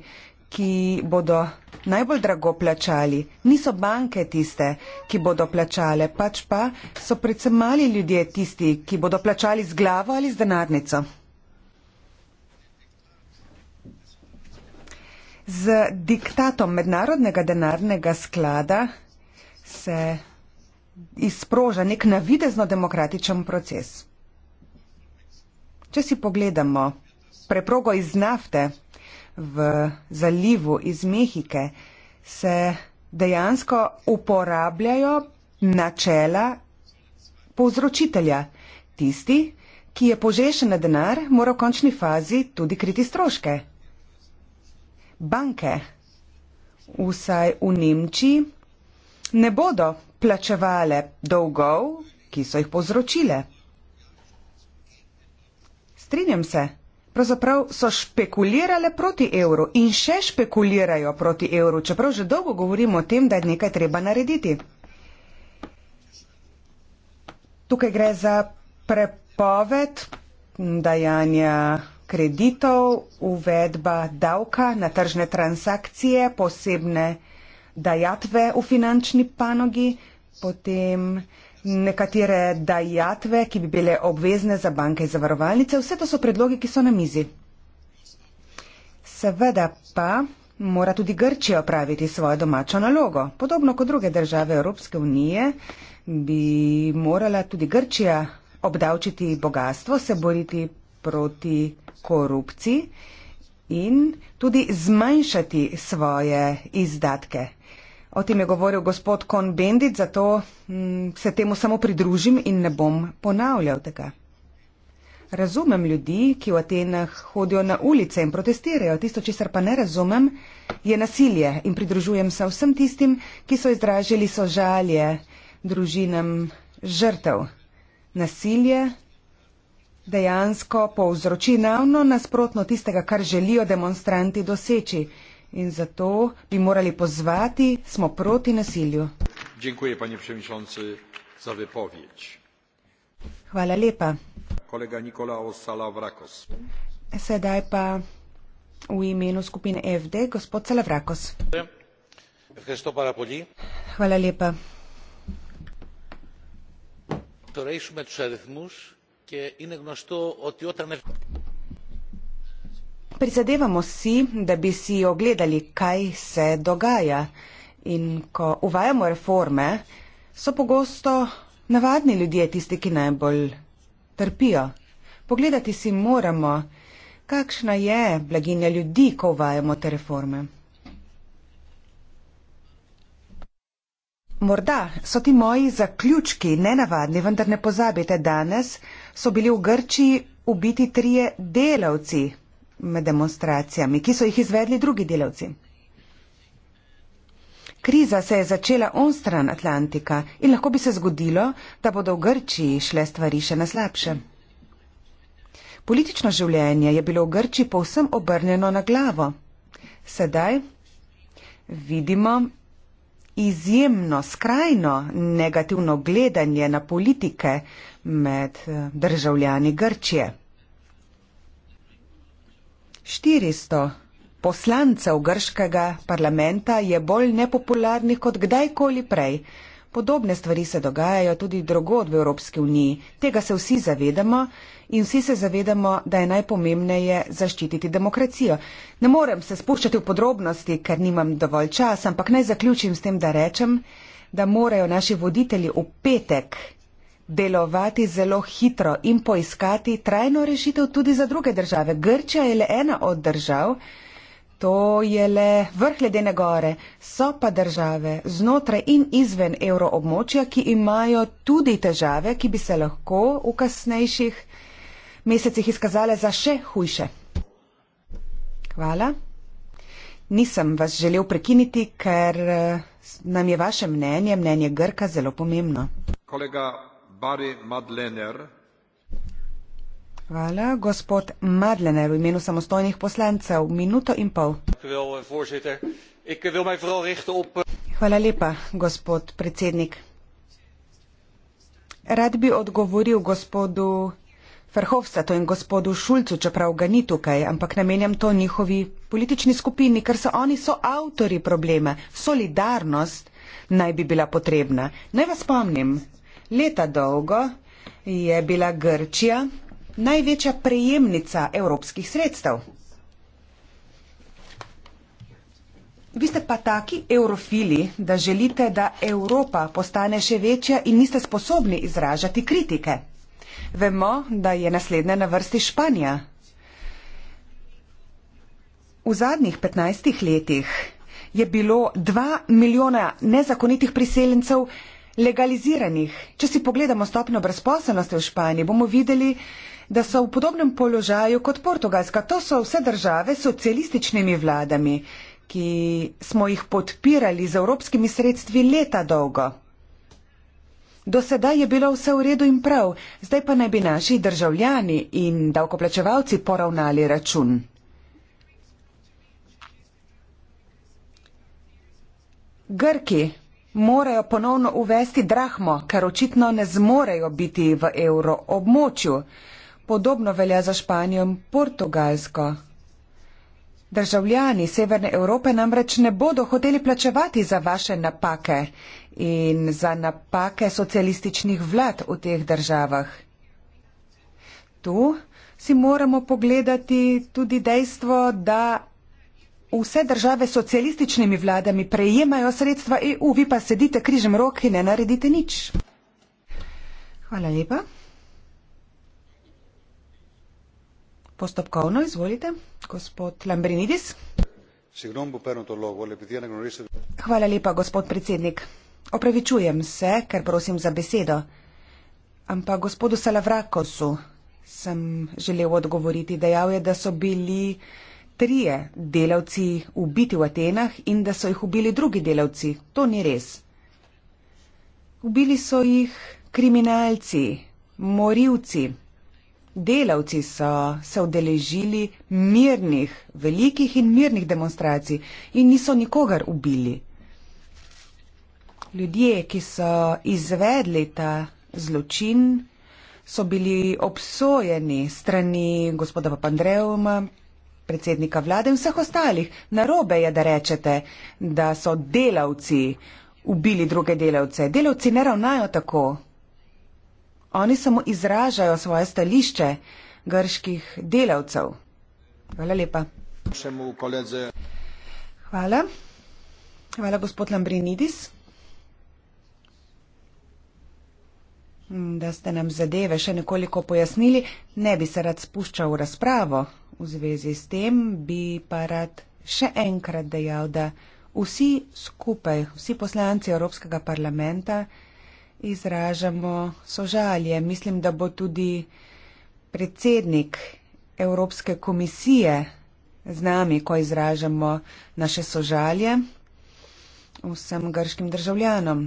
ki bodo najbolj drago plačali. Niso banke tiste, ki bodo plačale, pač pa so predvsem mali ljudje tisti, ki bodo plačali z glavo ali z denarnico. Z diktatom mednarodnega denarnega sklada se izproža nek navidezno demokratičen proces. Če si pogledamo preprogo iz nafte v zalivu iz Mehike, se dejansko uporabljajo načela povzročitelja. Tisti, ki je požešen na denar, mora v končni fazi tudi kriti stroške. Banke, vsaj v Nemčiji, ne bodo plačevale dolgov, ki so jih povzročile strinjam se. Pravzaprav so špekulirale proti evru in še špekulirajo proti evru, čeprav že dolgo govorimo o tem, da je nekaj treba narediti. Tukaj gre za prepoved dajanja kreditov, uvedba davka na tržne transakcije, posebne dajatve v finančni panogi, potem nekatere dajatve, ki bi bile obvezne za banke in zavarovalnice. Vse to so predlogi, ki so na mizi. Seveda pa mora tudi Grčija opraviti svojo domačo nalogo. Podobno kot druge države Evropske unije bi morala tudi Grčija obdavčiti bogatstvo, se boriti proti korupciji in tudi zmanjšati svoje izdatke. O tem je govoril gospod Kon Bendit, zato m, mm, se temu samo pridružim in ne bom ponavljal tega. Razumem ljudi, ki v Atenah hodijo na ulice in protestirajo. Tisto, česar pa ne razumem, je nasilje in pridružujem se vsem tistim, ki so izražili sožalje družinam žrtev. Nasilje dejansko povzroči ravno nasprotno tistega, kar želijo demonstranti doseči in zato bi morali pozvati, smo proti nasilju. Dziękuję, panie przewodniczący, za wypowiedź. Hvala lepa. Kolega Nikolaos Salavrakos. Sedaj pa v imenu skupine FD, gospod Salavrakos. Hvala lepa. Včerajšnji četrtek, ki je inegnošto, od jutra ne prizadevamo si, da bi si ogledali, kaj se dogaja. In ko uvajamo reforme, so pogosto navadni ljudje tisti, ki najbolj trpijo. Pogledati si moramo, kakšna je blaginja ljudi, ko uvajamo te reforme. Morda so ti moji zaključki nenavadni, vendar ne pozabite, danes so bili v Grčiji ubiti trije delavci, med demonstracijami, ki so jih izvedli drugi delavci. Kriza se je začela onstran Atlantika in lahko bi se zgodilo, da bodo v Grčiji šle stvari še naslabše. Politično življenje je bilo v Grčiji povsem obrnjeno na glavo. Sedaj vidimo izjemno, skrajno negativno gledanje na politike med eh, državljani Grčije. 400 poslancev grškega parlamenta je bolj nepopularnih kot kdajkoli prej. Podobne stvari se dogajajo tudi drugod v Evropski uniji. Tega se vsi zavedamo in vsi se zavedamo, da je najpomembneje zaščititi demokracijo. Ne morem se spuščati v podrobnosti, ker nimam dovolj časa, ampak naj zaključim s tem, da rečem, da morajo naši voditelji v petek delovati zelo hitro in poiskati trajno rešitev tudi za druge države. Grčija je le ena od držav, to je le vrh ledene gore. So pa države znotraj in izven evroobmočja, ki imajo tudi težave, ki bi se lahko v kasnejših mesecih izkazale za še hujše. Hvala. Nisem vas želel prekiniti, ker eh, nam je vaše mnenje, mnenje Grka, zelo pomembno. Kolega Hvala. Gospod Madlener, v imenu samostojnih poslancev, minuto in pol. Eh, eh, eh, Hvala lepa, gospod predsednik. Rad bi odgovoril gospodu Ferhofstatu in gospodu Šulcu, čeprav ga ni tukaj, ampak namenjam to njihovi politični skupini, ker so oni so avtori problema. Solidarnost naj bi bila potrebna. Naj vas spomnim, Leta dolgo je bila Grčija največja prejemnica evropskih sredstev. Vi ste pa taki eurofili, da želite, da Evropa postane še večja in niste sposobni izražati kritike. Vemo, da je naslednja na vrsti Španija. V zadnjih 15 letih je bilo 2 milijona nezakonitih priseljencev legaliziranih. Če si pogledamo stopno brezposelnosti v Španiji, bomo videli, da so v podobnem položaju kot Portugalska. To so vse države s socialističnimi vladami, ki smo jih podpirali z evropskimi sredstvi leta dolgo. Do sedaj je bilo vse v redu in prav, zdaj pa naj bi naši državljani in davkoplačevalci poravnali račun. Grki morajo ponovno uvesti drahmo, ker očitno ne zmorejo biti v evroobmočju. Podobno velja za Španijo in Portugalsko. Državljani Severne Evrope namreč ne bodo hoteli plačevati za vaše napake in za napake socialističnih vlad v teh državah. Tu si moramo pogledati tudi dejstvo, da Vse države s socialističnimi vladami prejemajo sredstva EU, vi pa sedite križem rok in ne naredite nič. Hvala lepa. Postopkovno izvolite, gospod Lambrinidis. Hvala lepa, gospod predsednik. Opravičujem se, ker prosim za besedo. Ampak gospodu Salavrakosu sem želel odgovoriti. Dejal je, da so bili trije delavci ubiti v Atenah in da so jih ubili drugi delavci. To ni res. Ubili so jih kriminalci, morilci. Delavci so se odeležili mirnih, velikih in mirnih demonstracij in niso nikogar ubili. Ljudje, ki so izvedli ta zločin, so bili obsojeni strani gospoda Papandreuma, predsednika vlade in vseh ostalih. Narobe je, da rečete, da so delavci ubili druge delavce. Delavci ne ravnajo tako. Oni samo izražajo svoje stališče grških delavcev. Hvala lepa. Hvala. Hvala, gospod Lambrinidis. Da ste nam zadeve še nekoliko pojasnili, ne bi se rad spuščal v razpravo. V zvezi s tem bi pa rad še enkrat dejal, da vsi skupaj, vsi poslanci Evropskega parlamenta izražamo sožalje. Mislim, da bo tudi predsednik Evropske komisije z nami, ko izražamo naše sožalje vsem grškim državljanom.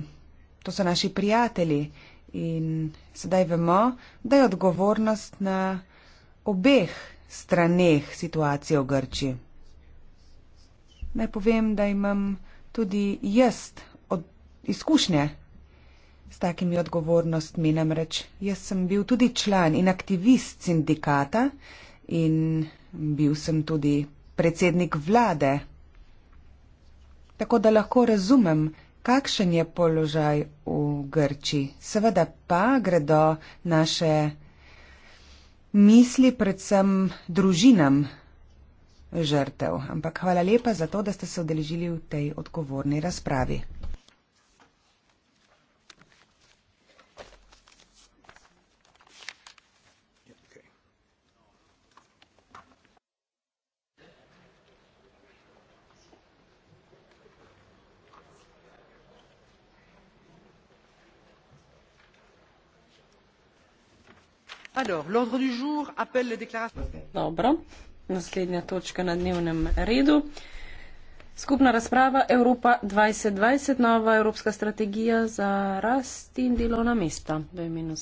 To so naši prijatelji In sedaj vemo, da je odgovornost na obeh straneh situacije v Grči. Naj povem, da imam tudi jaz od, izkušnje s takimi odgovornostmi. Namreč jaz sem bil tudi član in aktivist sindikata in bil sem tudi predsednik vlade. Tako da lahko razumem, kakšen je položaj v Grčiji. Seveda pa gredo naše misli predvsem družinam žrtev. Ampak hvala lepa za to, da ste se odeležili v tej odgovorni razpravi. naslednja točka na dnevnem redu skupna razprava Evropa dvajset dvajset nova evropska strategija za rast in delovna mesta v imenu